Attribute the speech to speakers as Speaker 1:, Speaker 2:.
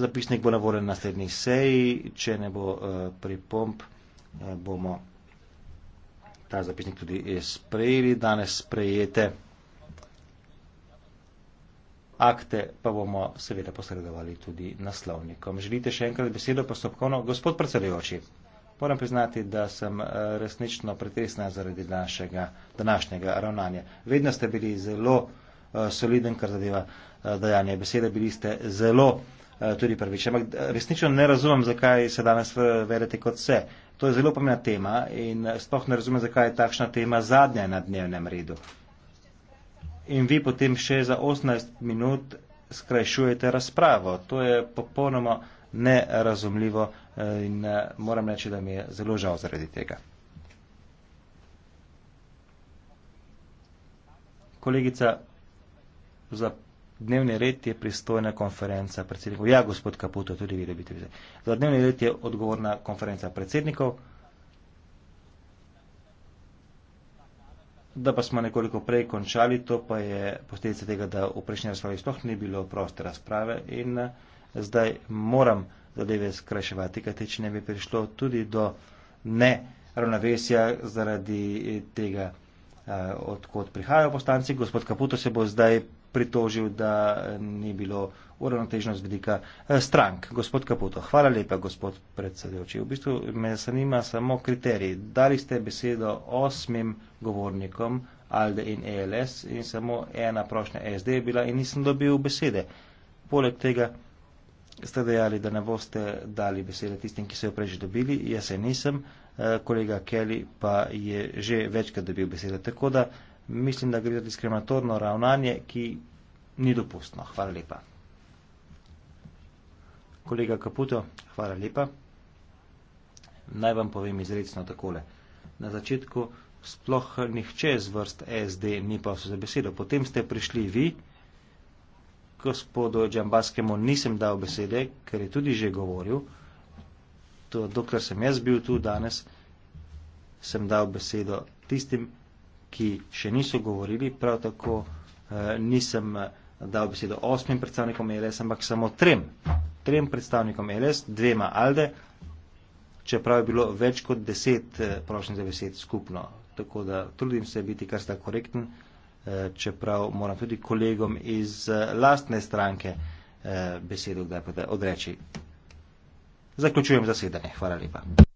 Speaker 1: Zapisnik bo na voljo na naslednji seji, če ne bo uh, pripomp, uh, bomo ta zapisnik tudi eh, sprejeli. Danes sprejete akte pa bomo seveda posredovali tudi naslovnikom. Želite še enkrat besedo postopkovno? Gospod predsedujoči, moram priznati, da sem uh, resnično pretresna zaradi našega, današnjega ravnanja. Vedno ste bili zelo uh, soliden, kar zadeva uh, dajanje besede, bili ste zelo. Eh, tudi prvič. Ampak eh, resnično ne razumem, zakaj se danes vedete kot vse. To je zelo pomembna tema in eh, sploh ne razumem, zakaj je takšna tema zadnja na dnevnem redu. In vi potem še za 18 minut skrajšujete razpravo. To je popolnoma nerazumljivo in moram reči, da mi je zelo žal zaradi tega. Kolegica, zaprašujem dnevni red je pristojna konferenca predsednikov. Ja, gospod Kaputo, tudi vi dobite vize. Za dnevni red je odgovorna konferenca predsednikov. Da pa smo nekoliko prej končali, to pa je posledica tega, da v prejšnji razpravi sploh ni bilo proste razprave in zdaj moram zadeve skraševati, kajte če ne bi prišlo tudi do ne ravnovesja zaradi tega uh, eh, odkot prihajajo poslanci. Gospod Kaputo se bo zdaj pritožil, da ni bilo uravnoteženo z vidika uh, strank. Gospod Kaputo, hvala lepa, gospod predsedujoči. V bistvu me zanima samo kriterij. Dali ste besedo osmim govornikom Alde in ELS in samo ena prošnja SD je bila in nisem dobil besede. Poleg tega ste dejali, da ne boste dali besede tistim, ki so jo prej že dobili. Jaz se nisem, eh, kolega Kelly pa je že večkrat dobil besede. Tako da mislim, da gre za diskriminatorno ravnanje, ki ni dopustno. Hvala lepa. Kolega Kaputo, hvala lepa. Naj vam povem izredno takole. Na začetku sploh nihče z vrst SD ni pa se za besedo. Potem ste prišli vi gospodu Džambaskemu nisem dal besede, ker je tudi že govoril, to, dokler sem jaz bil tu danes, sem dal besedo tistim, ki še niso govorili, prav tako eh, nisem eh, dal besedo osmim predstavnikom e LS, ampak samo trem, trem predstavnikom e LS, dvema Alde, čeprav je bilo več kot deset eh, prošnjih za besed skupno. Tako da trudim se biti kar sta korekten, eh, Eh, čeprav moram tudi kolegom iz eh, lastne stranke eh, besedo kdaj pa da odreči. Zaključujem zasedanje. Hvala lepa.